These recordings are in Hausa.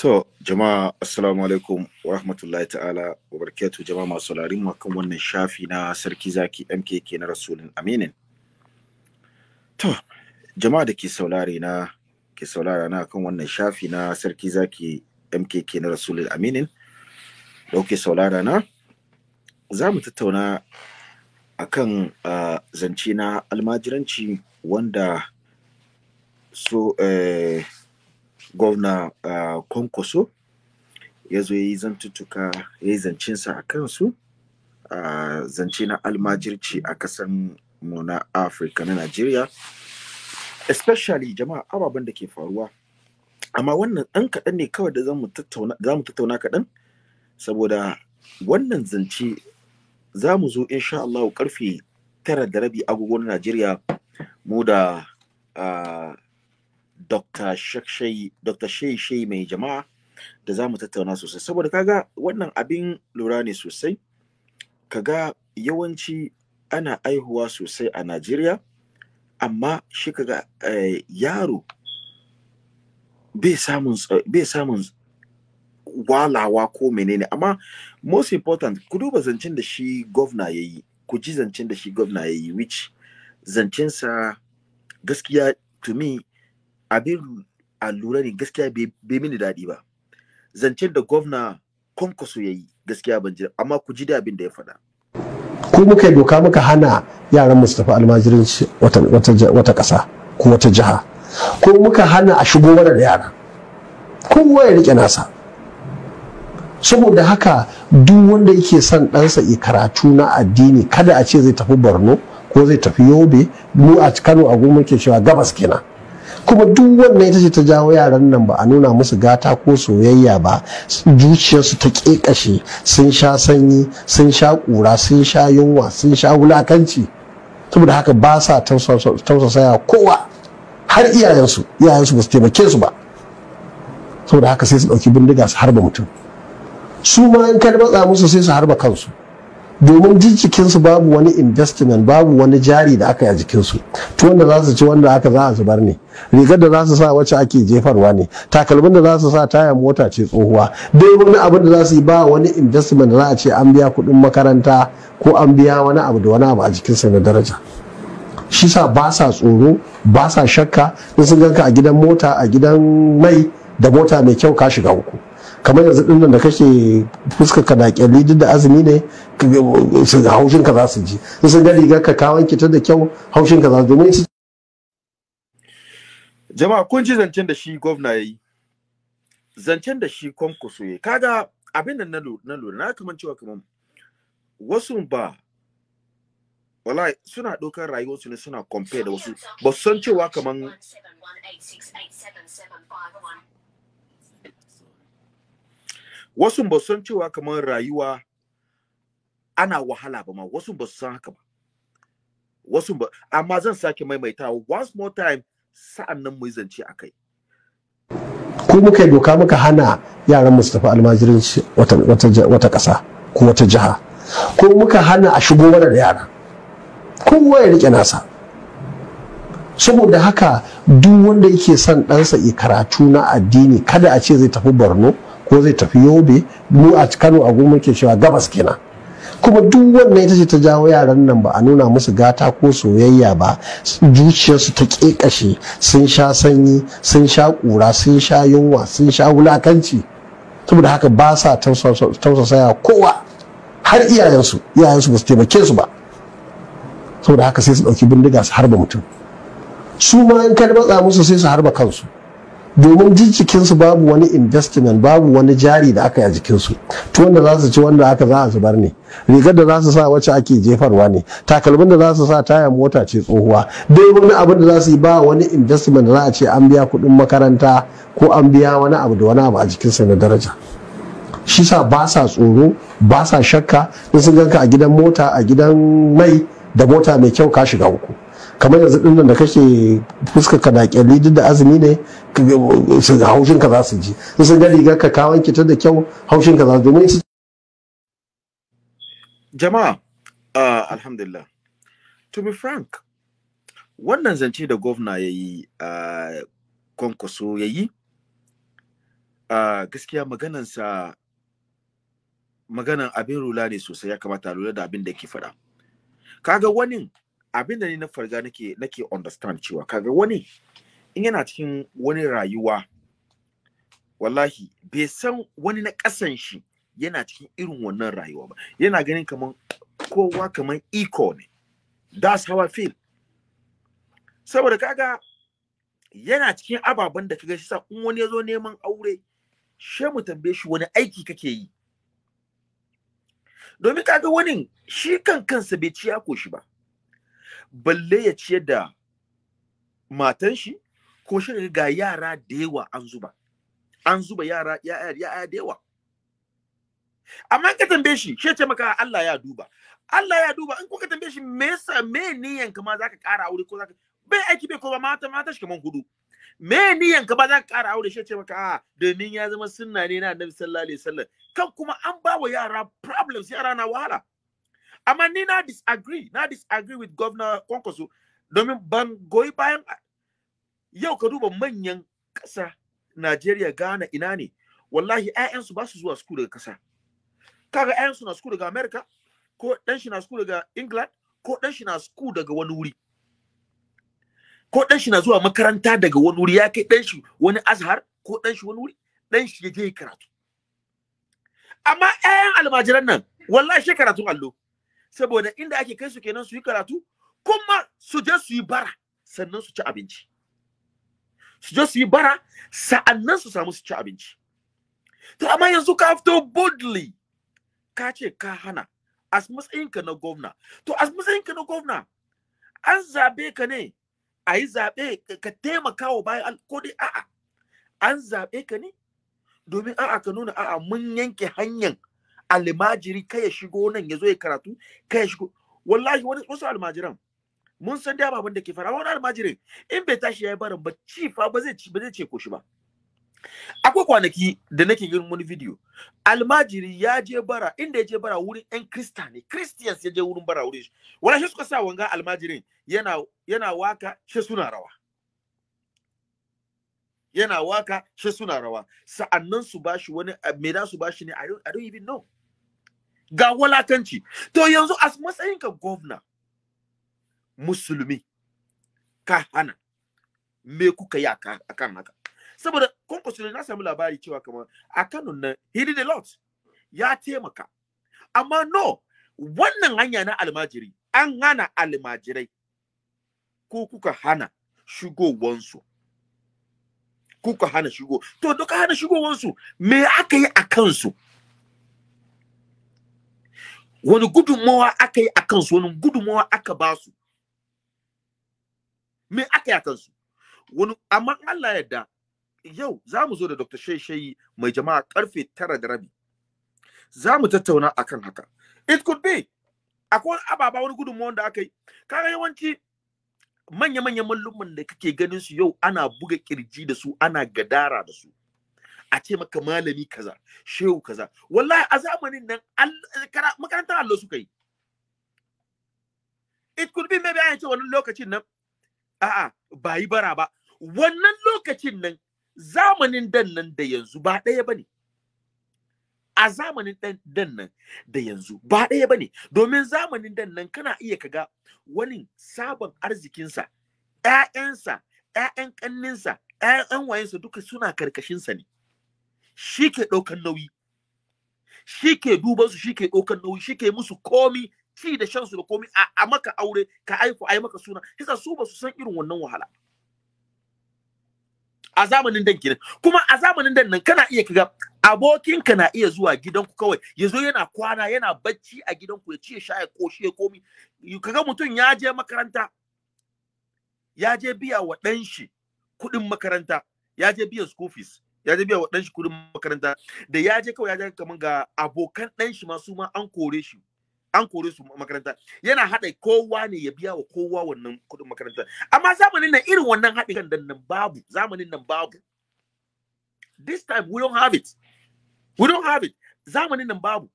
To, jama'a assalamu alaikum wa rahmatullahi ta'ala wa barakatuh jama'a masu larin kan wannan shafi na sarki zaki MKK na Rasulun Aminin. To, jama'a da ke saurare na ke saurara na kan wannan shafi na sarki zaki MKK na Rasulun Aminin da ke saurara na za mu tattauna akan kan zance na almajiranci wanda so eh, gwamna ah, kwankwaso ya zo ya yi zantuttuka ya yi zancensa a kansu ah, zance na almajirci a kasan mu na afirka na najeriya especially jama'a ababen da ke faruwa amma wannan ɗan kaɗan ne kawai da za mu tattauna kaɗan saboda wannan zance za mu zo insha Allah karfe tara da rabi agogo na Najeriya mu da ah, Dr. Shei mai jama'a da za mu tattauna sosai saboda kaga wannan abin lura ne sosai kaga yawanci ana aihuwa sosai a Najeriya amma shi kaga eh, yaro bai samun walawa ko menene amma most important ku duba zancen da shi gwamna ya yi ku ji zancen da shi gwamna ya yi which zancensa gaskiya to me abin allura ne gaskiya bai mini daɗi ba zancen da gwamna kwankwaso ya yi gaskiya ban ji amma ku ji da abin da ya faɗa. ku muka yi doka muka hana yaran mustapha almajirin wata ƙasa ko wata jiha ko muka hana a shigo mana da yara kowa ya rike nasa saboda haka duk wanda yake son ɗansa ya karatu na addini kada a ce zai tafi borno ko zai tafi yobe mu a kano a gurin muke cewa gabas kenan kuma duk wannan ita ce ta jawo yaran nan ba a nuna musu gata ko soyayya ba zuciyarsu ta ƙeƙashe sun sha sanyi sun sha ƙura sun sha yunwa sun sha wulakanci saboda haka ba sa tausasaya kowa har iyayensu iyayensu ba su taimake su ba saboda haka sai su ɗauki bindiga su harba mutum su ma in ka matsa musu sai su harba kansu domin jikinsu babu wani investment babu wani jari da aka yi a jikinsu to wanda za su ci wanda aka za a zubar ne rigar da za su sa wacce ake jefarwa ne takalmin da za su sa taya mota ce tsohuwa dai wani abin da za su yi ba wani investment da za a ce an biya kuɗin makaranta ko an biya wani abu da wani abu a jikinsa na daraja shi sa ba sa tsoro ba sa shakka in sun ganka a gidan mota a gidan mai da mota mai kyau ka shiga uku kamar yanzu din da kashe fuskar ka da kyalli duk da azumi ne haushin ka za su ji sun ga rigar ka kawon ta da kyau haushin ka za su domin jama'a kun ji zancen da shi gwamna ya yi zancen da shi kwankwaso ya kaga abin da na lura na kaman cewa kamar wasu ba wallahi suna ɗaukar rayuwarsu ne suna compare da wasu ba san cewa kamar. wasu ba san cewa kamar rayuwa ana wahala ba ma wasu ba san haka ba wasu ba amma zan sake maimaitawa once more time sa'an nan mu zance a kai ko muka doka muka hana yaran Mustapha almajirin wata ƙasa ko wata jiha ko muka hana a shigo da yara kowa ya rike nasa saboda haka duk wanda yake son ɗansa ya karatu na addini kada a ce zai tafi borno ko zai tafi yobe mu a kano a goma ke cewa gabas kenan kuma duk wannan ita ce ta jawo yaran nan ba a nuna musu gata ko soyayya ba zuciyarsu ta ƙeƙashe sun sha sanyi sun sha ƙura sun sha yunwa sun sha wulakanci saboda haka ba sa tausasaya kowa har iyayensu iyayensu ba su taimake su ba saboda haka sai su ɗauki bindiga su harba mutum su ma in ka matsa musu sai su harba kansu domin jikinsu babu wani investment babu wani jari da aka yi a jikinsu to wanda za su ci wanda aka za a zubar ne rigar da za su sa wacce ake jefarwa ne takalmin da za su sa taya mota ce tsohuwa dai wani abin da za su yi ba wani investment da za a ce an biya kuɗin makaranta ko an biya wani abu da wani abu a jikinsa na daraja shi sa ba sa tsoro ba sa shakka in sun ganka a gidan mota a gidan mai da mota mai kyau ka shiga uku kamar yanzu din da kake fuska ka da kyalli duk da azumi ne haushin ka za su ji in sun ga rigar ka ka wanke ta da kyau haushin ka za su domin jama'a uh, alhamdulillah to be frank wannan zance da gwamna ya yi a kwankwaso ya yi a gaskiya maganansa maganan abin rula ne sosai ya kamata lura da abin da ke faɗa kaga wani abin da ni na farga nake nake understand cewa kaga wani in yana cikin wani rayuwa wallahi bai san wani na kasan shi yana cikin irin wannan rayuwa ba yana ganin kaman kowa kaman iko ne that's how I feel saboda kaga yana cikin ababen da kaga shi sa in wani ya zo neman aure she mu tambaye shi wani aiki kake yi domin kaga wani shi kan kansa bai ciya ko shi ba balle ya ciyar da matan shi ko shi ga yara da yawa an zuba an zuba yara ya da yawa amma ka tambaye shi shi ce maka Allah ya duba Allah ya duba in kuka tambaye shi me yasa me niyan ka ma zaka ƙara aure ko zaka bai aiki bai ko ba mata mata shi kaman hudu me niyan ka ba zaka ƙara aure shi ce maka a domin ya zama sunna ne na Annabi sallallahu alaihi wasallam kan kuma an ba wa yara problems yara na wahala amma na disagree na disagree with governor kwankwaso domin ban goyi bayan yau ka duba manyan kasa Nigeria Ghana inani. ne wallahi ƴaƴansu ba su zuwa school daga kasa. kaga ƴaƴansu na school daga America ko dan shi na school daga England ko dan shi na school daga wani wuri ko dan shi na zuwa makaranta daga wani wuri ya kai dan shi wani azhar ko dan shi wani wuri Dan shi ya je karatu amma ayan almajiran nan wallahi shi karatun allo saboda inda ake kai su kenan su yi karatu kuma su je su yi bara sannan su ci abinci su je su yi bara sa'annan su samu su ci abinci to amma yanzu ka fito boldly ka ce ka hana as matsayinka na gwamna to as matsayinka na gwamna an zabe ka ne a yi zaɓe ka taimaka wa bayan alkodi a'a an zaɓe ka ne domin a'a ka nuna a'a mun yanke hanyar almajiri kai ya shigo nan ya zo ya karatu kai ya shigo wallahi wani wasu almajiran mun san da baban da ke fara wani almajirin in bai tashi yayi barin ba ci fa ba zai ci ba zai ce ko shi ba akwai kwanaki da nake yin wani video almajiri ya je bara inda ya je bara wurin yan krista ne christians ya je wurin bara wurin shi wala shi suka sa wanga almajirin yana yana waka shi suna rawa yana waka shi suna rawa sa'annan su bashi wani me da su bashi ne i don't even know ga walakanci to yanzu a matsayinka gwamna musulmi ka hana me kuka yi kan haka saboda kwankwaso na sami labari cewa kamar a kano na he did a lot ya taimaka amma no wannan hanya na almajiri an hana almajirai ko kuka hana shigowansu kuka hana shigo to duka hana shigowansu me aka yi a kansu wani gudunmawa aka yi a kansu wani gudunmawa aka ba su me aka yi a kansu wani amma Allah ya da yau za mu zo da Dr. Sheishayi mai jama'a karfe tara da rabi za mu tattauna akan haka it could be akwai ababa wani gudunmawa da aka yi kaga yawanci manya-manyan mallumman da kake ganin su yau ana buga kirji da su ana gadara da su a ce maka malami kaza shehu kaza wallahi a zamanin nan eh, makarantar allo suka yi it could be maybe an ce wannan lokacin nan a'a ba yi bara ba wannan lokacin nan zamanin dan nan da yanzu ba ɗaya bane a zamanin dan nan da yanzu ba ɗaya bane domin zamanin dan nan kana iya ka ga wani sabon arzikinsa ‘ya'yansa ‘ya'yan ƙanninsa ‘ya'yan wayensa duka suna karkashinsa ne Shike ke ɗaukan nauyi shi ke duban su shi ke ɗaukan nauyi shi musu komi ci da shan su da komi a a maka aure ka aiko ai maka suna hisa su ba su san irin wannan wahala a zamanin dan kenan kuma a zamanin dan nan kana iya kiga abokinka na iya zuwa gidanku kawai ya zo yana kwana yana bacci a gidanku ya ci ya sha ya koshi ya komi kaga mutum ya je makaranta ya je biya wa ɗan shi kuɗin makaranta ya je biyan school fees ya je biya wa ɗan shi kudin makaranta da ya je kawai ya je kamar ga abokan ɗan shi ma su ma an kore shi an kore su makaranta yana haɗa kowa ne ya biya wa kowa wannan kuɗin makaranta amma zamanin nan irin wannan haɗin kan dan nan babu zamanin nan babu this time we don't have it we don't have it zamanin nan babu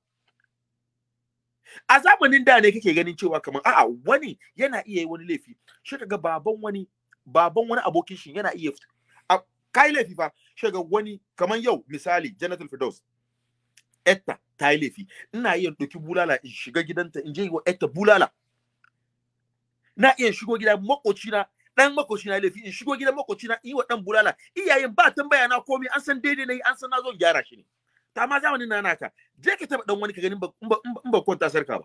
a zamanin da ne kake ganin cewa kamar a'a wani yana iya yi wani laifi shi kaga baban wani baban wani abokin shi yana iya kai laifi fa shiga wani kamar yau misali Janatul Firdaus etta ta yi laifi ina iya doki bulala in shiga gidanta in je yi wa etta bulala na iya shigo gida makoci na dan makoci na laifi in shigo gidan makoci na yi wa dan bulala iyayen ba tambaya na komai an san daidai yi, an san na zo gyara shi ne ta ma zamanin na naka je ka taba dan wani ka gani in ba kwanta sarka ba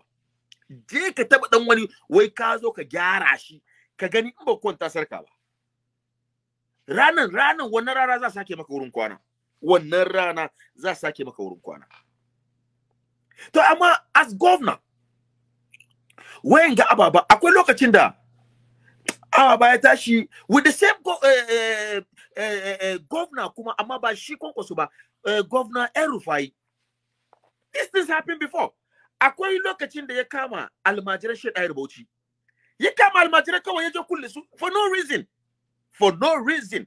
je ka taba dan wani wai ka zo ka gyara shi ka gani in ba kwanta sarka ba ranan ranan wannan rana za sake maka wurin kwana wannan rana za sake maka wurin kwana to amma as governor wayan ababa akwai lokacin da ababa ya tashi with the same go, eh, eh, eh, governor kuma amma ba shi kwankwaso ba eh, governor erufai this things happened before akwai lokacin da ya kama almajiran shi ɗaya bauchi ya kama almajiran kawai ya je kulle su for no reason for no reason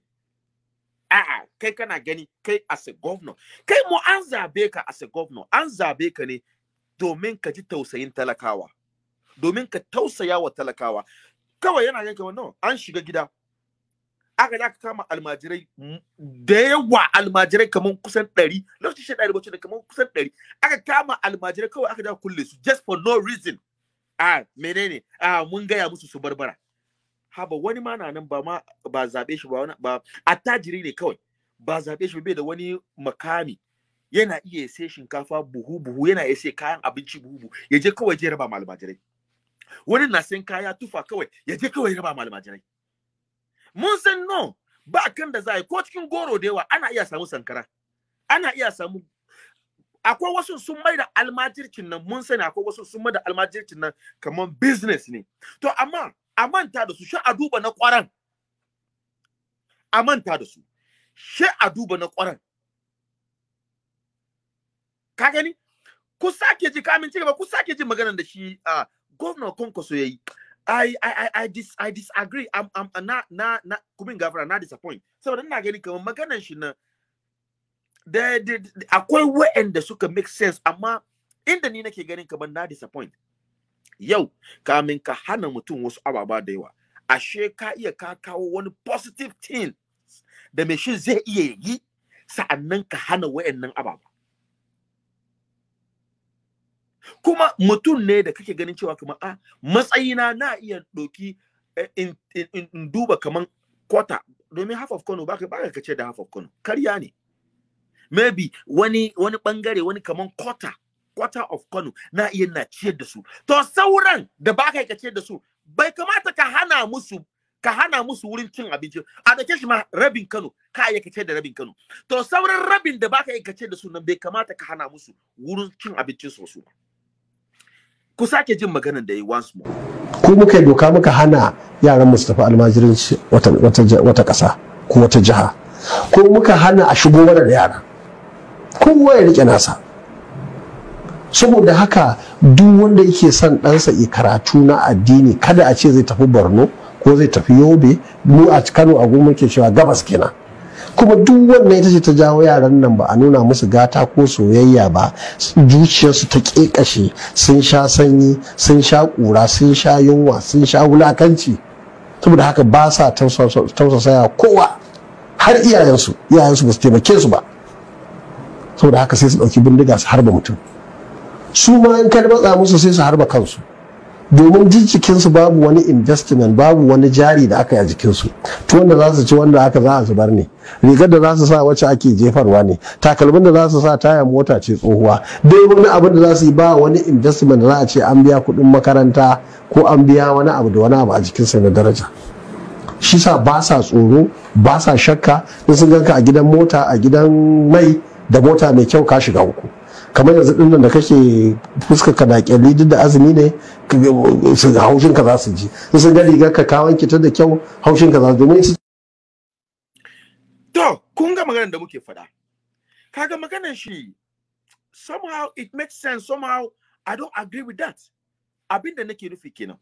ah, ah, kai kana gani kai as a governor kai mu an zabe ka as a governor an zabe ka ne domin ka ji tausayin talakawa domin ka tausaya wa talakawa kawai yana yanke wannan an shiga gida aka da kama almajirai da yawa almajirai kamar kusan ɗari lokacin shi ɗari bacci da kamar kusan ɗari aka kama almajirai kawai aka da kulle su just for no reason Ah, menene Ah, mun gaya musu su barbara haba wani ma na nan ba ma ba zabe shi ba wani ba attajiri ne kawai ba zabe shi bai da wani makami yana iya sai shinkafa buhu buhu yana iya sai kayan abinci buhu buhu ya je kawai je raba jirai wani na sayan kaya tufa kawai ya je kawai raba jirai mun san no ba kan da za a yi ko cikin goro da yawa ana iya samu sankara ana iya samu akwai wasu sun mai da almajircin nan mun sani akwai wasu sun mai da almajircin nan kamar business ne to amma a manta da su shi a duba na kwaran a manta da su shi a duba na kwaran ka gani ku sake ji kamin ci gaba ku sake ji maganar da shi uh, governor Konkoso yayi I I I I, dis, I disagree I'm I'm na na na kumin gafara na disappoint saboda ina gani kamar maganar shi na da akwai wa'anda suka make sense amma inda ni nake ganin kamar na disappoint yau kamin ka hana mutum wasu ababa da yawa ashe ka iya ka kawo wani positive thing da mai shi zai iya yi sa'annan ka hana wayannan ababa kuma mutum ne da kake ganin cewa kuma a ah, matsayina na iya ɗoki eh, in, duba kaman kwata domin half of kano ba ka kace da half of kano karya ne maybe wani wani bangare wani kaman kwata quarter of Kano na iya na ciyar da su to sauran da ba ka ciyar da su bai kamata ka hana musu ka hana musu wurin cin abinci a da shi ma rabin Kano ka iya ciyar da rabin Kano to sauran rabin da ba yi ka ciyar da su nan bai kamata ka hana musu wurin cin abincin su su ku sake jin maganar da yi once more ku muka doka muka hana yaran Mustafa almajirin wata wata wata kasa ko wata jiha ko muka hana a shigo wannan yara kowa ya rike nasa saboda haka duk wanda yake son ɗansa ya karatu na addini kada a ce zai tafi borno ko zai tafi yobe mu a kano a goma ke cewa gabas kenan kuma duk wanda ita ce ta jawo yaran nan ba a nuna musu gata ko soyayya ba zuciyarsu ta ƙeƙashe sun sha sanyi sun sha ƙura sun sha yunwa sun sha wulakanci saboda haka ba sa tausasaya kowa har iyayensu iyayensu ba su taimake su ba saboda haka sai su ɗauki bindiga su harba mutum su ma in ka matsa musu sai su harba kansu domin jikinsu babu wani investment babu wani jari da aka yi a jikinsu to wanda za su ci wanda aka za a zubar ne rigar da za su sa wacce ake jefarwa ne takalmin da za su sa taya mota ce tsohuwa dai wani abin da za su yi ba wani investment da za a ce an biya kuɗin makaranta ko an biya wani abu da wani abu a jikinsa na daraja shi sa ba sa tsoro ba sa shakka in sun ganka a gidan mota a gidan mai da mota mai kyau ka shiga uku kamar yanzu din nan da kake fuska ka da kyalli duk da azumi ne haushin ka za su ji sun ga rigar ka ka wanke ta da kyau haushin ka za su domin to kun ga maganar da muke faɗa kaga maganar shi somehow it makes sense somehow i don't agree with that abin da nake nufi kenan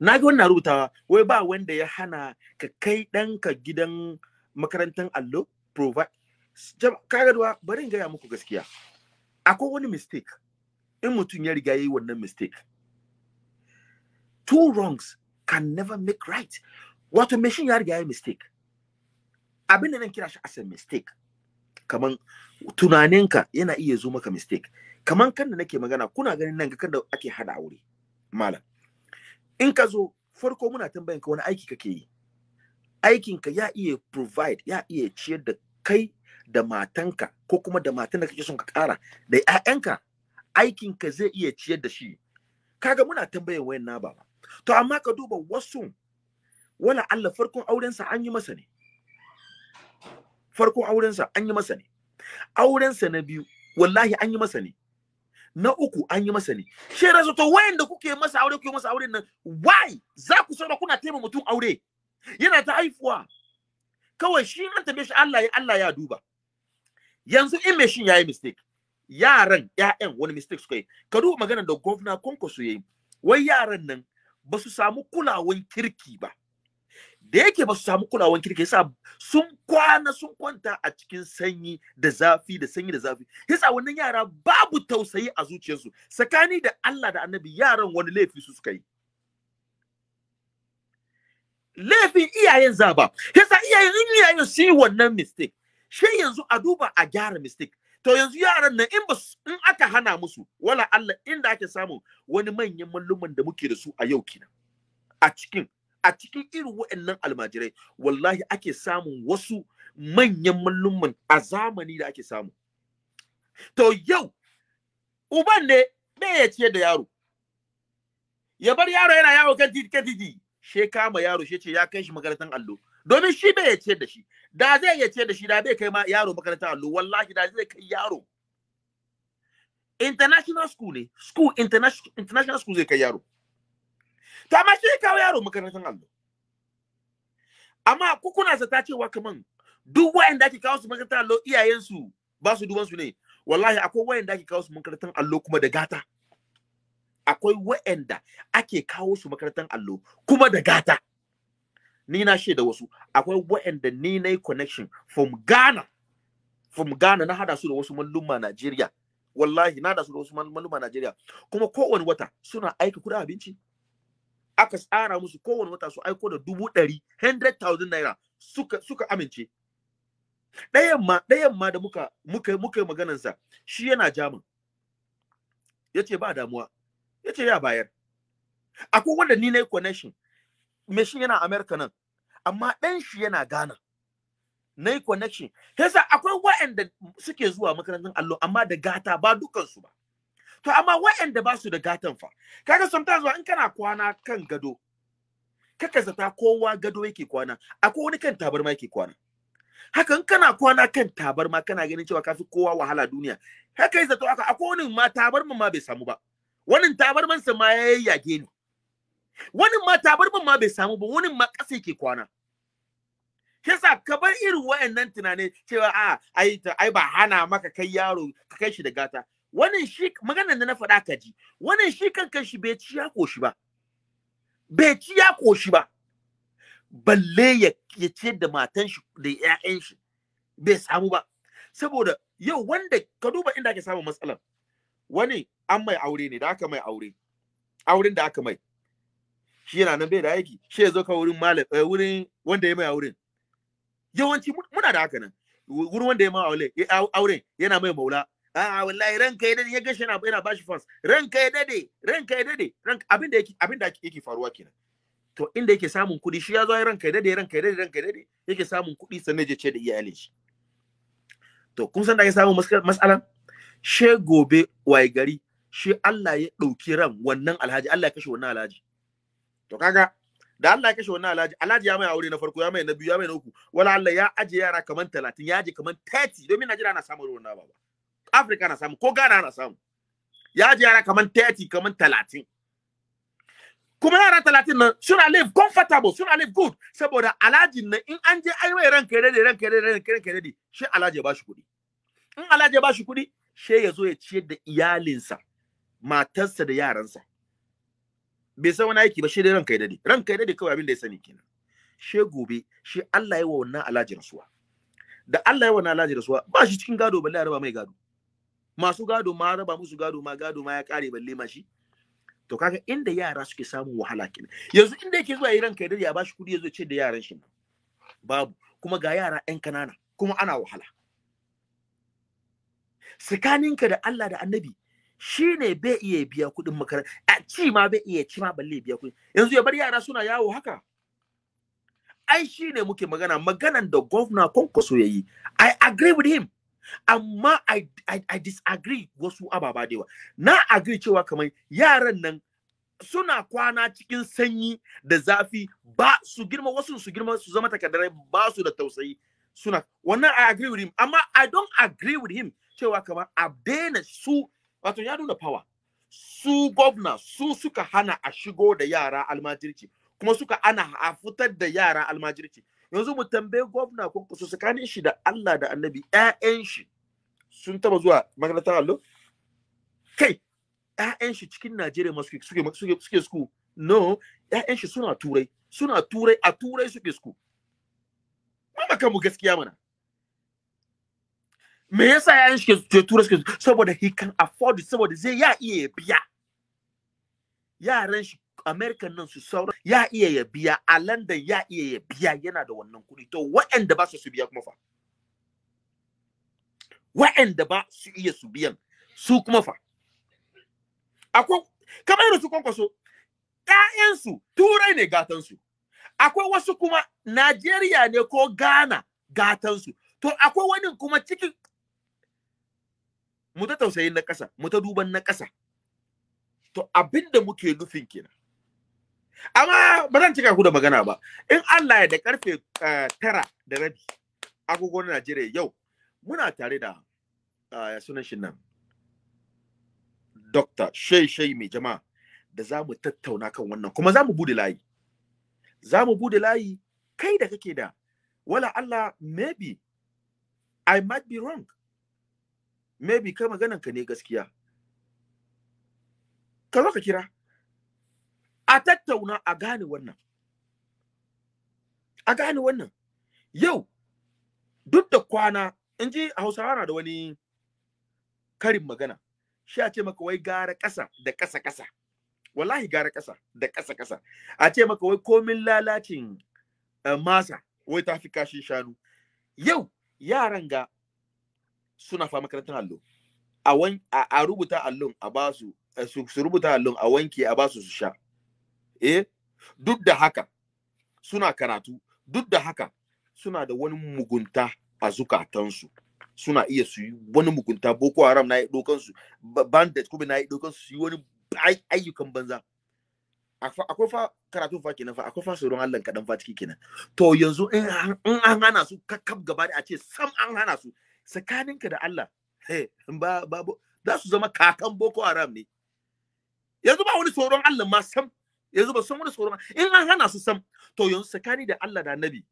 na ga wannan rubutawa wai ba wanda ya hana ka kai ɗanka gidan makarantar allo provide kaga duwa bari in gaya muku gaskiya akwai wani mistake in mutum ya riga ya yi wannan mistake two wrongs can never make right wato mai shin ya riga ya yi mistake abin da nan kira shi a mistake kaman tunaninka yana iya zo maka mistake kaman kan da nake magana kuna ganin nan ga kan da ake hada aure malam in ka zo farko muna tambayan wani aiki kake yi aikinka ya iya provide ya iya ciyar da kai da matanka ko kuma da matan da kake son ka kara da ƴaƴanka aikinka zai iya ciyar da shi kaga muna tambayar wayan na baba to amma ka duba wasu wala Allah farkon aurensa an yi masa ne farkon aurensa an yi masa ne sa na biyu wallahi an yi masa ne na uku an yi masa ne shi razo to wayanda kuke masa aure kuke masa aure nan why za ku sauka kuna taimaka mutum aure yana ta haifuwa kawai shi an tabe shi Allah ya Allah ya duba yanzu in mai shin yayi mistake yaran ƴaƴan wani mistake suka yi ka duba magana da gwamna Kwankwaso yayi wai yaran nan ba su samu kulawan kirki ba da yake ba su samu kulawan kirki yasa sun kwana sun kwanta a cikin sanyi da zafi da sanyi da zafi yasa wannan yara babu tausayi a zuciyarsu tsakani da Allah da Annabi yaran wani laifi su suka yi laifin iyayen za ba yasa iyayen in iyayen su yi wannan mistake shi yanzu a duba a gyara mistake to yanzu yaran nan in in aka hana musu wala Allah inda ake samu wani manyan malluman da muke da su a yau kina a cikin a cikin irin waɗannan almajirai wallahi ake samun wasu manyan malluman a zamani da ake samu to yau uban ne me ya ciyar da yaro ya bar yaro yana yawo kan titi she kama yaro she ce ya kai shi makarantar allo domin shi bai yace da shi da zai yace da shi da bai kai ma yaro makarantar allo wallahi da zai kai yaro international school ne school international international school zai kai yaro ta ma shi kawo yaro makarantar allo amma kukuna sa ta cewa kaman duk wayanda ake kawo su makarantar allo iyayen su ba su duban su ne wallahi akwai wayanda ake kawo su makarantar allo kuma da gata akwai wa'anda ake kawo su makarantar allo kuma da gata ni na shaida wasu akwai wa'anda ni na yi connection from Ghana from Ghana na hada su da wasu malluma Najeriya wallahi na hada su da wasu malluma Najeriya kuma kowane wata suna aika kuɗin abinci aka tsara musu kowane wata su aiko da dubu ɗari hundred thousand naira suka suka amince ɗayan ma ɗayan ma da muka muka muka yi maganansa shi yana jamin ya ce ba damuwa ya ce ya bayar akwai wanda ni na yi connection meshin yana america nan amma ɗan shi yana ghana nayi yi connection yasa akwai wa'anda suke zuwa makarantar allo amma da gata ba dukansu ba to amma wa'anda ba su da gatan fa kaga sometimes in kana kwana kan gado kaka zata kowa gado yake kwana akwai wani kan tabarma yake kwana haka in kana kwana kan tabarma kana ganin cewa kafi kowa wahala duniya haka yi zato haka akwai wani ma tabarma ma bai samu ba wannan tabarman sa ma ya yage ni wani ma tabarman ma bai samu ba wani ma ƙasa yake kwana Kisa ka bar irin wayannan tunanin cewa a ah, ai ai ba hana maka kai yaro ka kai shi da gata wannan shi maganar da na faɗa ka ji wannan shi kanka shi bai ci ya koshi ba bai ci ya koshi ba balle ya ya ce da matan shi da ƴaƴan shi bai samu ba saboda yau wanda ka duba inda ake samu matsalar wani an mai aure ne da aka mai aure auren da aka mai shi yana nan bai da aiki shi ya zo ka wurin malam eh, wurin wanda ya mai auren yawanci muna da haka nan wurin wanda ya mai aure auren yana mai maula a'a wallahi ranka ya dade ya gashi yana yana bashi fans ranka ya dade ranka ya dade abin da yake abin da yake faruwa kenan to inda yake samun kuɗi shi ya zo ranka ya dade ranka ya dade ranka ya dade yake samun kuɗi sannan ya ce da iyalin shi to kun san da ya samu mas'alan she gobe waye gari shi Allah ya ɗauki ran wannan alhaji Allah ya kashe wannan alhaji to kaga da Allah ya kashe wannan alhaji alhaji ya mai aure na farko ya mai na biyu ya mai na uku wala Allah ya aje yara kaman 30 ya aje kaman 30 domin Najeriya na samun ruwan baba Africa na samu ko Ghana na samu ya aje yara kaman 30 kaman 30 kuma yara 30 nan suna live comfortable suna live good saboda alhaji nan in an je ai mai ranka dai ranka dai ranka dai shi alhaji ya shi kuɗi in alhaji ya shi kuɗi she ya zo ya ciyar da iyalinsa matarsa da yaransa bai san wani aiki ba shi dai ranka ya dade ranka ya dade kawai abin da ya sani kenan she gobe shi Allah ya wa wannan alhaji rasuwa da Allah ya wa wannan alhaji rasuwa ba shi cikin gado balle ya raba mai gado masu gado ma raba musu gado ma gado ma ya kare balle ma shi to kaga inda yara suke samun wahala kenan yanzu inda yake zuwa yi ranka ya dade ya bashi kudi ya ce da yaran shi babu kuma ga yara ɗan kanana kuma ana wahala tsakaninka da Allah da annabi shi ne bai iya biya kuɗin makaranta a ci ma bai iya ci ma balle biya kuɗi yanzu ya bar yara suna yawo haka ai shi ne muke magana maganan da gwamna kwankwaso ya yi i agree with him amma I, I, I disagree wasu ababa da yawa na agree cewa kamar yaran nan suna kwana cikin sanyi da zafi ba su girma wasu su girma su zama takardare ba su da tausayi suna wannan I agree with him amma I don't agree with him cewa kamar a daina su wato ya nuna pawa su gwamna su suka hana a shigo da yara almajirci kuma suka ana a fitar da yara almajirci yanzu mu tambaye gwamna ko su tsakanin shi da Allah da Annabi ƴaƴan shi sun taba zuwa makarantar allo kai ƴaƴan shi cikin Najeriya suke suke suke suke no ƴaƴan shi suna turai suna turai a turai suke suke kan mu gaskiya mana me yasa yayin shi ke tura suke saboda he can afford it saboda zai ya iya ya biya yaran shi American nan su saura ya iya ya biya a London ya iya ya biya yana da wannan kuɗi to wa'anda ba su biya kuma fa wa'anda ba su iya su biyan su kuma fa akwai kamar da su kwankwaso ƴaƴansu turai ne gatansu akwai wasu kuma Najeriya ne ko Ghana gatansu to akwai wani kuma cikin mu ta tausayin na ƙasa mu ta duban na ƙasa to abinda muke nufin kenan amma ba zan cika ku da magana ba in Allah ya da karfe eh, tara da rabi agogo na Najeriya yau muna tare da eh, sunan shi nan Dr. Shei mai jama'a da za mu tattauna kan wannan kuma za mu bude layi za mu bude layi kai da kake da wala Allah maybe I might be wrong maybe kai maganan ka ne gaskiya ka zo ka kira a tattauna a gane wannan a gane wannan yau duk da kwana in ji hausawa na da wani karin magana shi a ce maka wai gara ƙasa da ƙasa ƙasa wallahi gara ƙasa da ƙasa ƙasa a ce maka wai komin lalacin eh, masa wai ta fi kashin shanu yau yaran ga suna fa makarantar allo a rubuta allon a ba eh, su su rubuta allon a wanke a ba su su sha eh duk da haka suna karatu duk da haka suna da wani mugunta a zukatansu suna iya su yi wani mugunta boko haram na yi dokan su bandit kuma na yi dokan su yi wani ayyukan banza akwai fa karatu fa kenan fa akwai fa tsoron Allah kadan fa ciki kenan to yanzu in an hana su kakkab gaba da a ce sam an hana su tsakaninka da Allah ba ba za su zama kakan Boko Haram ne yanzu ba wani tsoron Allah ma sam yanzu ba san wani tsoron in an hana su sam to yanzu tsakani da Allah da Annabi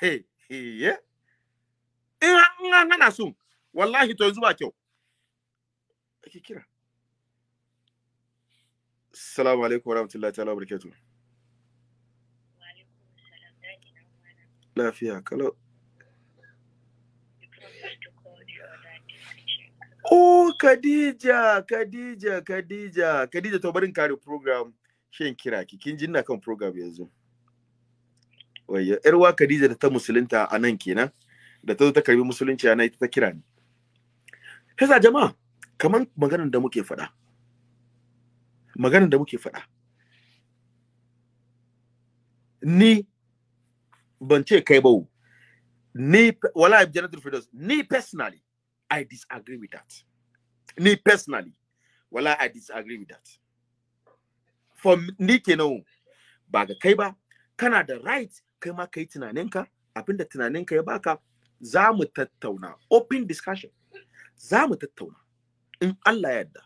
he he eh. in an hana su wallahi to yanzu ba kyau ake kira Assalamu alaikum warahmatullahi ta'ala wabarakatuh Lafiya kalau Oh, Khadija, Khadija, Khadija, Khadija to barin kare program shin kira ki kin jinna kan program yanzu. Wai erwa wa Khadija da ta musulunta a nan kenan da ta zo ta karbi musulunci ana ita ta kira ni. Kaza jama'a kaman maganar da muke faɗa. Maganar da muke faɗa. Ni ban ce kai ba ni wala Jannatul firdaus ni personally I disagree with that. Ni personally, well, I disagree with that. For me, you ba ga kai ba, kana da right kai ma kai tunaninka, abinda tunaninka ya baka za mu tattauna. Open discussion. Za mu tattauna. In Allah yarda,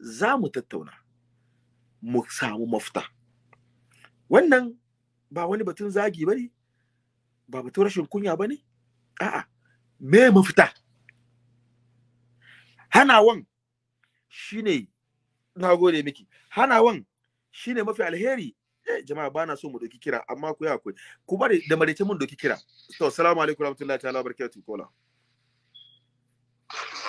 za mu tattauna. Mu samu mafita. Wannan ba wani batun zagi ba ne, ba batun rashin kunya ba ne, a'a, me mafita. hanawan shine na gode miki hanawan shine mafi alheri eh jama'a bana so mu doki kira amma ku ya ku ku bari da marece mun doki kira to assalamu alaikum warahmatullahi ta'ala barakatuh kola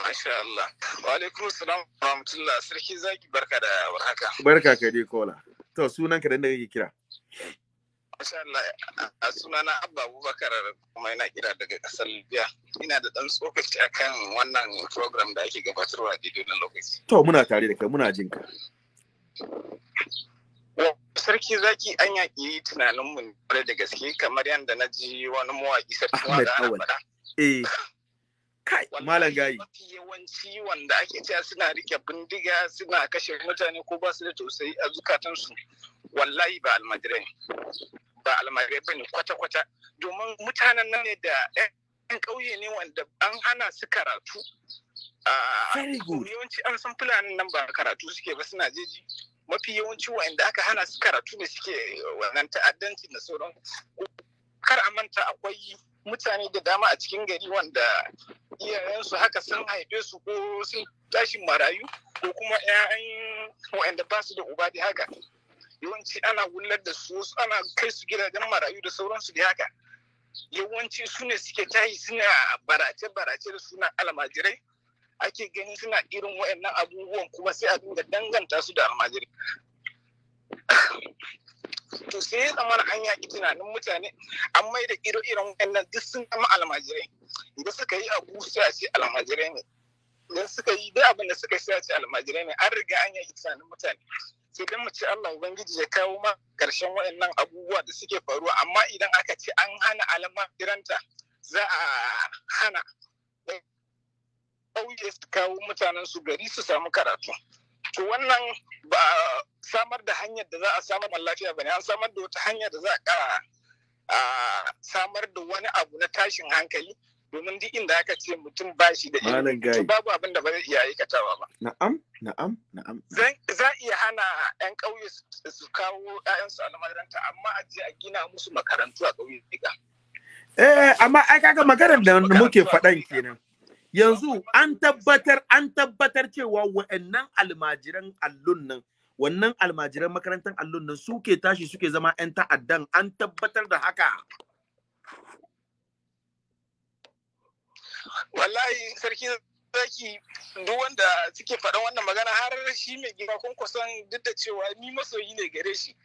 Masha Allah. Wa alaikum salam wa rahmatullah. Sarki zaki barka da warhaka. Barka ka dai kola. To sunan ka da kake kira. Masha Allah, a sunana Abba Abubakar kuma yana kira daga ƙasar Libya. Ina da ɗan tsokaci akan wannan program da ake gabatarwa didiyo na lokaci. To muna tare da kai muna jin ka. Sarki zaki an yaƙi tunanin mu ne da gaske kamar yadda na ji wani mawaƙi sarki wanda ana faɗa. Eh. Kai, Malam Gayi. Yawanci wanda ake cewa suna rike bindiga suna kashe mutane ko ba su da tausayi a zukatansu. wallahi ba almajirai ba almajirai ba ne kwata-kwata domin mutanen nan ne da 'yan ƙauye ne wanda an hana su karatu yawanci an san fulanin nan ba karatu suke ba suna jeji mafi yawanci wanda aka hana su karatu ne suke wannan ta'addanci na sauran kar a manta akwai mutane da dama a cikin gari wanda iyayensu haka sun haife su ko sun tashi marayu ko kuma 'ya'yan wa'anda ba su da uba haka yawanci ana wullar da su wasu ana kai su gidajen marayu da sauransu da haka yawanci su ne suke tahi suna barace-barace da suna almajirai ake gani suna irin waɗannan abubuwan kuma sai a dinga danganta su da almajirai to sai ya zama an yaƙi tunanin mutane an mai da iro irin waɗannan duk sun zama almajirai idan suka yi abu sai a ce almajirai ne idan suka yi duk abin da suka sai a ce almajirai ne an riga an yaƙi tunanin mutane sai dan mu ce Allah ubangiji ya kawo ma karshen waɗannan abubuwa da suke faruwa amma idan aka ce an hana alama kiranta za a hana ƙauye su kawo mutanen su gari su samu karatu to wannan ba samar da hanyar da za a samar da lafiya bane an samar da wata hanyar da za a samar da wani abu na tashin hankali domin duk inda aka ce mutum ba shi da ilimi to babu abin da ba zai iya aikatawa ba na'am na'am na'am za iya hana yan ƙauye su kawo 'ya'yansu a almadaranta amma a je a gina musu makarantu a ƙauye eh amma ai kaga maganar da muke faɗan kenan yanzu an tabbatar an tabbatar cewa wa'annan almajiran allun nan wannan almajiran makarantar allon nan suke tashi suke zama 'yan ta'addan an tabbatar da haka wallahi sarki zaki duk wanda suke faɗan wannan magana har shi mai gida kun kusan duk da cewa ni masoyi ne gare shi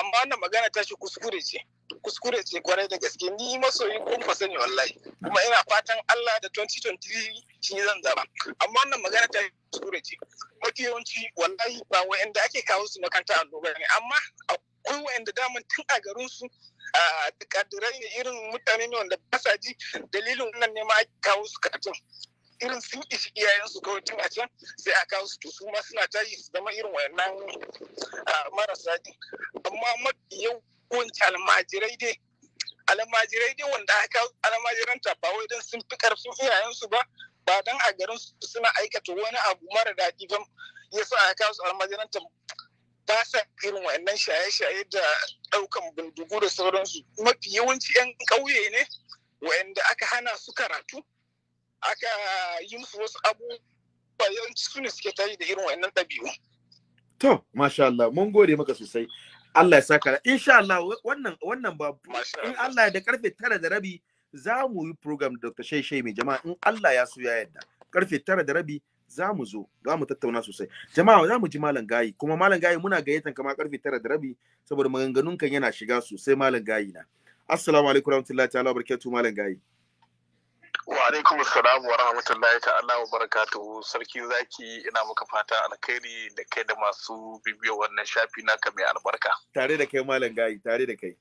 amma wannan magana ta shi kuskure ce kuskure ce kwarai da gaske ni masoyi kun kusan ne wallahi kuma ina fatan Allah da 2023 shi zan zama amma wannan magana ta kuskure ce mafi yawanci wallahi ba wa'anda ake kawo su makanta annoba ne amma akwai wa'anda daman tun a garinsu a kadirai ne irin mutane ne wanda ba sa ji dalilin wannan ne ma kawo su karatun irin sun ishi iyayensu kawai tun a can sai a kawo su su ma suna yi su zama irin wa'annan marasa ji amma mafi yawanci almajirai dai almajirai dai wanda aka ta ba wai don sun fi karfin iyayensu ba ba don a garin suna aikata wani abu mara daɗi ba ya sa aka kawo su ta ba sa irin wa'annan shaye-shaye da ɗaukan bindigu da sauransu mafi yawanci 'yan ƙauye ne wa'anda aka hana su karatu aka yi musu wasu abubuwa yawanci su ne suke tashi da irin wa'annan ɗabi'u. To, masha Allah, mun gode maka sosai. Allah ya saka insha Allah wannan wannan ba in Allah da karfe tara da rabi za mu yi program Dr. Shai mai jama'a in Allah ya so ya yarda. Karfe tara da rabi za mu zo za mu tattauna sosai jama'a za mu ji malam gayi kuma malam gayi muna gayyatan kama karfe tara da rabi saboda maganganun kan yana shiga sosai malam gayi na assalamu alaikum warahmatullahi ta'ala barakatuhu malam gayi wa alaikum assalam wa rahmatullahi ta'ala wa barakatuhu sarki zaki ina muka fata alkhairi da kai da masu bibiyar wannan shafi naka mai albarka tare da kai malam gayi tare da kai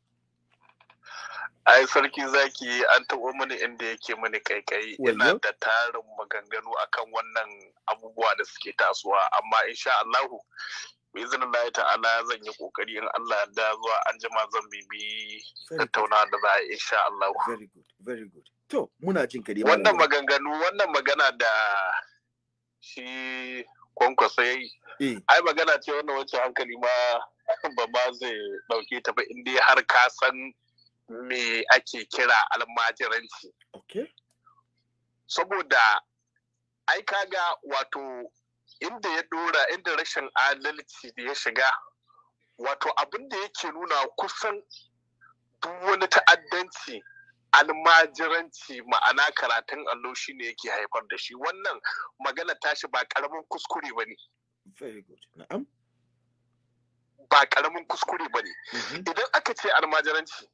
ai sarki zaki an taɓo mini inda yake mini kaikai ina da tarin maganganu akan wannan abubuwa da suke tasowa amma insha Allahu bizin Allah ta'ala zan yi kokari in Allah da zuwa an jima zan bibi tattauna da za a insha Allahu Very good, very good. To, muna jin kare Wannan maganganu, wannan magana da shi kwankwasa ya eh. Ai magana ce wannan wacce hankali ma ba ma zai dauke ta ba inda har ka san me ake kira almajiranci. Saboda ai kaga wato inda ya dora inda rashin adalci da ya shiga wato abin da yake nuna kusan duk wani ta'addanci almajiranci ma'ana karatun allo shi ne yake haifar da shi wannan magana tashi ba karamin kuskure ba ne. Ba karamin kuskure ba ne. Mhm. Idan aka ce almajiranci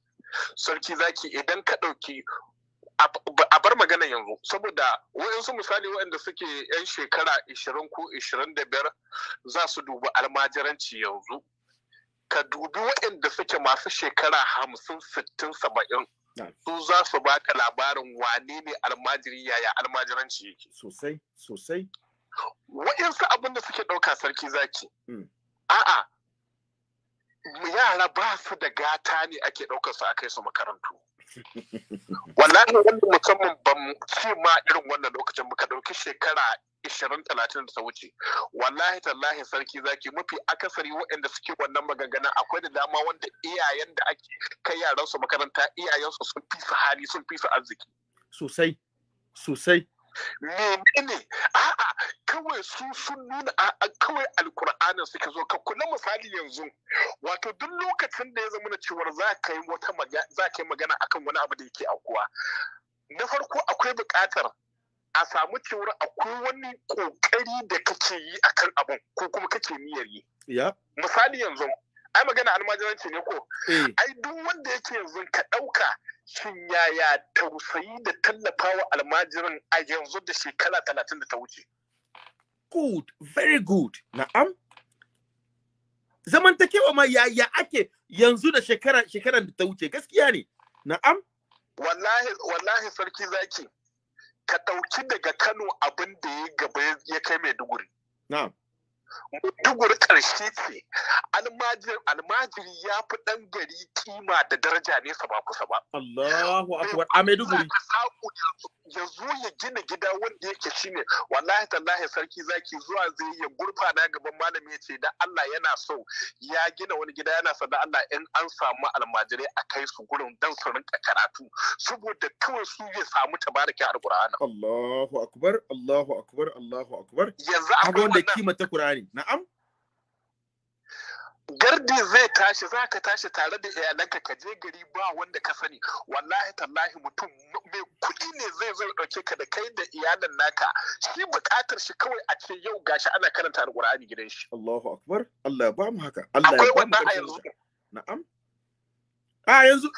sarki zaki idan ka ɗauki a bar magana yanzu saboda waɗansu misali waɗanda suke 'yan shekara 20 ko 25 za su dubi almajiranci yanzu ka dubi waɗanda suke masu shekara 50 60 70 su za su baka labarin wane ne almajiri yaya almajiranci yake sosai sosai wayansu abinda suke ɗauka sarki zaki hmm. a'a yara ba su da gata ne ake ɗaukar su a kai su makarantu wallahi wanda musamman ba mu ce ma irin wannan lokacin muka ɗauki shekara ishirin talatin da ta wuce wallahi tallahi sarki zaki mafi akasari waɗanda suke wannan maganganun akwai da dama wanda iyayen da ake kai yaran su makaranta iyayen su sun fi su hali sun fi su arziki sosai sosai menene a'a kawai su sun nuna a kawai alkur'anin suke zo ka kula misali yanzu wato duk lokacin da ya zama na cewar za ka yi wata za ka yi magana akan wani abu da yake aukuwa na farko akwai buƙatar a samu cewar akwai wani ƙoƙari da kake yi akan abun ko kuma kake niyyar yi misali yanzu ai magana almajiranci ne ko eh. ai duk wanda yake yanzu ka ɗauka shin yaya tausayi da tallafawa almajirin a yanzu da shekara talatin da ta wuce good very good na'am zamantakewa ma yaya ake yanzu da shekara shekaran da ta wuce gaskiya ne na'am wallahi wallahi sarki zaki ka ɗauki daga Kano abin da ya gaba ya kai Maiduguri na'am duguri ƙarshe ce almajiri ya fi ɗan gari kima da daraja nesa ba kusa ba. Allahu akwai a ya zo ya gina gida wanda yake shine wallahi tallahi sarki zaki zuwa zai ya na gaban malami ya ce da Allah yana so ya gina wani gida yana sa da Allah in an samu almajirai a kai su gurin dan su rinka karatu saboda kawai su ya samu tabaraka alqur'ani Allahu akbar Allahu akbar Allahu akbar yanzu akwai wanda kima ta Qur'ani na'am gardi zai tashi za ka tashi tare da iyalanka ka je gari ba wanda ka sani wallahi tallahi mutum mai kuɗi ne zai zo ɗauke ka da kai da iyalan naka shi buƙatar shi kawai a ce yau gashi ana karanta alƙur'ani gidan shi Allahu akbar Allah ya ba mu haka Allah ya ba mu a yanzu na'am a yanzu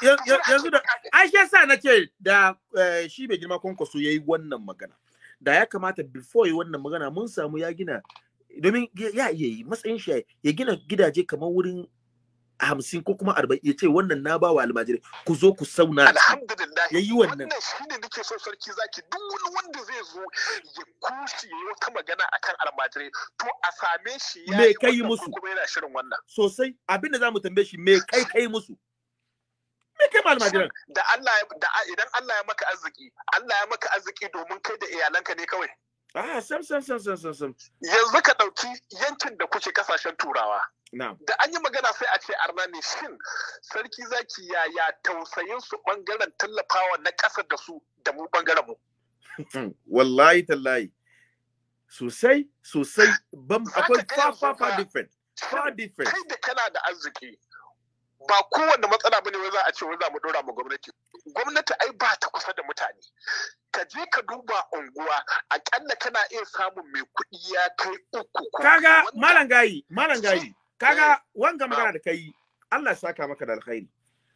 yanzu da ai shi yasa nake da eh, shi bai girma kwankwaso yayi wannan magana da ya kamata before yi wannan magana mun samu ya gina domin ya iya yi matsayin shi ya gina gidaje kamar wurin hamsin ko kuma arba'in ya ce wannan na ba wa almajirai ku zo ku sauna alhamdulillah ya yi wannan wannan shi ne nake son sarki zaki duk wani wanda zai zo ya kushi ya wata magana a kan almajirai to a same shi ya me kai musu kuma yana shirin wannan sosai abinda za mu tambaye shi me kai kai musu me kai almajiran da Allah da idan Allah ya maka arziki Allah ya maka arziki domin kai da iyalanka ne kawai Ah, sam sam sam sam sam sam. Yanzu ka ɗauki yankin da kuke kasashen Turawa. Da an yi magana sai a ce arna ne shin sarki zaki yaya tausayin su bangaren tallafawa na ƙasa da su da mu bangaren mu. Wallahi tallahi. Sosai sosai akwai fa fa fa different. Far different. Kai da kana da arziki. ba kowane matsala bane wai za a ce wai za mu dora mu gwamnati gwamnati ai ba ta kusa da mutane ka je ka duba unguwa a ƙyanda kana iya samun mai kuɗi ya kai uku kaga malam gayi malam gayi kaga eh. wanga magana ah. da kai Allah saka maka da alkhairi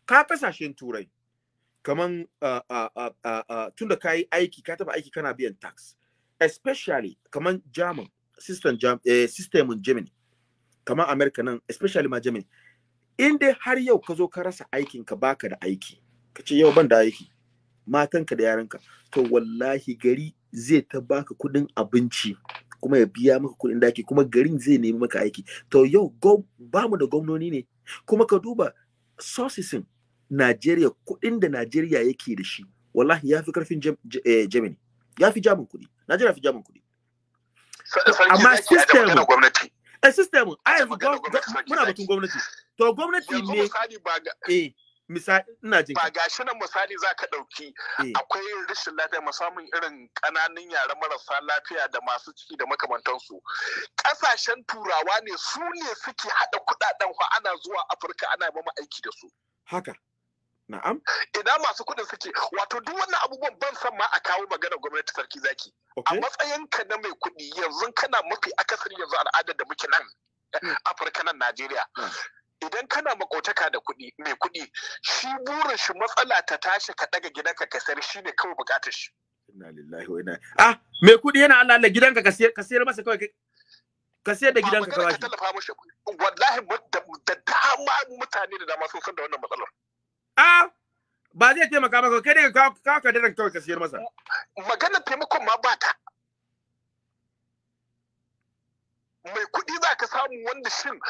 ka kasashen turai kaman tun da kayi aiki ka taba aiki kana biyan tax especially kaman german system eh, germany kamar america nan especially ma germany in dai har yau ka zo ka rasa aikin ka baka da aiki ka ce yau ban da aiki matanka da yaranka to wallahi gari zai ta baka kudin abinci kuma ya biya maka kudin daki kuma garin zai nemi maka aiki to yau ba mu da gwamnoni ne kuma ka duba sosisin Najeriya kudin da Najeriya yake da shi wallahi ya fi karfin eh, Germany ya fi jamin kudi Najeriya fi jamin kudi amma system gwamnati a system a yanzu muna batun gwamnati to gwamnati ne eh misali ina jin ba gashi nan misali za ka ɗauki eh. akwai rashin lafiya musamman irin ƙananan yara marasa lafiya da masu ciki da makamantansu ƙasashen turawa ne su ne suke haɗa kuɗaɗen ana zuwa afirka ana yi aiki da su haka Na'am. Ina masu kuɗin suke wato duk wannan abubuwan ban san ma a kawo magana gwamnati sarki zaki. A ka na mai kuɗi yanzu kana mafi akasari yanzu al'adar da muke nan hmm. Afirka nan Najeriya. Hmm. Idan kana makotaka da kuɗi mai kuɗi shi burin shi matsala ta tashi ka ɗaga gidanka ka sayar shi ne kawai buƙatar shi. Inna lillahi wa inna Ah mai kuɗi yana Allah Allah gidanka ka sayar ka sayar masa kawai ka sayar da gidanka ka tallafa wallahi da dama mutane da dama sun san da wannan matsalar. a ba zai taimaka maka kai daga kawo kadaran kawai ka siyar masa maganar taimakon ma ba ta mai kuɗi za ka samu wanda shin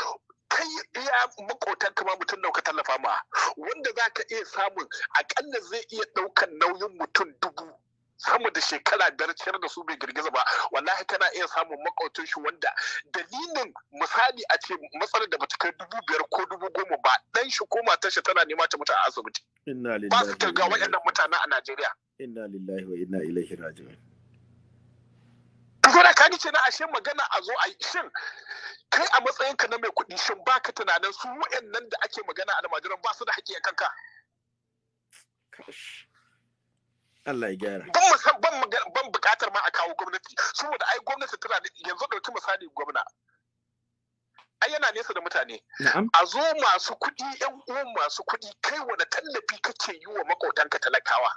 kai iya makotan kama mutum da tallafa ma wanda za ka iya samun akalla zai iya ɗaukan nauyin mutum dubu sama da shekara biyar ciyar da su bai girgiza ba wallahi kana iya samun makautin shi wanda dalilin misali a ce matsalar da bata kai dubu biyar ko dubu goma ba dan shi ko matar shi tana nema ta mutu a asibiti inna lillahi ba su ga waɗannan mutanen a Najeriya inna lillahi wa inna ilaihi raji'un Kuma ka ce na ashe magana a zo a shin kai a matsayinka na mai kuɗi shin baka tunanin su waɗannan da ake magana a almajiran ba su da haƙƙi a kanka. Kash. Allah ya gyara. Ban ban bukatar ma a kawo gwamnati saboda ai gwamnati tana yanzu dauki misali gwamna. Ai yana nesa da mutane. A zo masu kuɗi yan uwan masu kuɗi kai wani tallafi kake yi wa makotanka talakawa.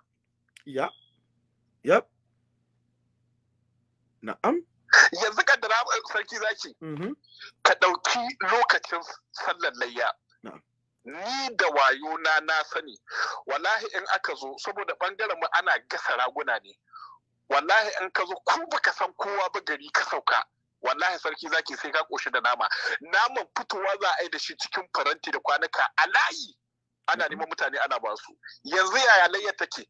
Ya. Ya. Na'am. Yanzu kaddara eh, sarki zaki. Mm-hmm. Ka ɗauki lokacin sallar layya. Na'am. ni da wayo na na sani wallahi in aka zo saboda bangaren mu ana gasa raguna ne wallahi in ka zo ko baka san kowa ba gari ka sauka wallahi sarki zaki sai ka koshi da nama naman fitowa za a yi da shi cikin faranti da kwanuka a layi ana neman mutane ana ba su yanzu yaya layyar take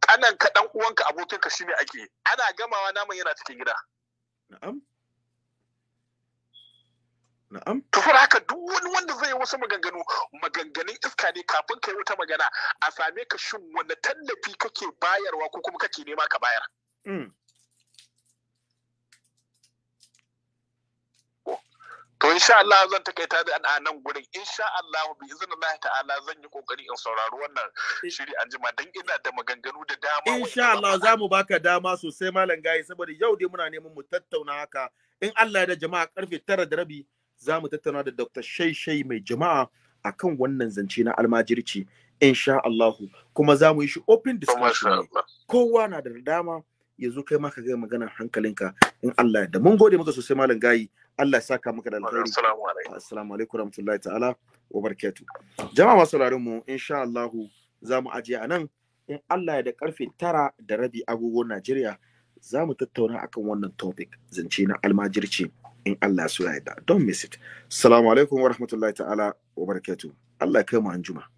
kanan ka dan uwanka abokinka shine ake ana gamawa naman yana cikin gida na'am Na'am. To fara haka duk wani wanda zai yi wasu maganganu maganganun iska ne kafin ka yi wata magana a same ka shin wanda tallafi kake bayarwa ko kuma kake nema ka bayar. Mm. To insha Allah zan takaita da a nan gurin insha Allah bi iznillahi ta'ala zan yi kokari in saurari wannan shiri an jima dan ina da maganganu da dama insha Allah za mu baka dama sosai malam gayi saboda yau dai muna neman mu tattauna haka in Allah ya da jama'a karfe tara da rabi za mu tattauna da Dr. Shaishai mai jama'a akan wannan zance na almajirci insha Allahu kuma za mu yi shi open discussion kowa na da dama ya zo kai maka gaya maganar hankalinka in Allah da mun gode maka sosai malam gayi Allah ya saka maka da alheri assalamu alaikum warahmatullahi ta'ala wa barakatuh jama'a masu sauraron mu insha Allah za mu ajiye a nan in Allah ya da karfe tara da rabi agogo Najeriya za mu tattauna akan wannan topic zance na almajirci in Allah so ya yarda don't miss it assalamu alaikum wa rahmatullahi ta'ala wa barakatuh Allah ya kai mu anjuma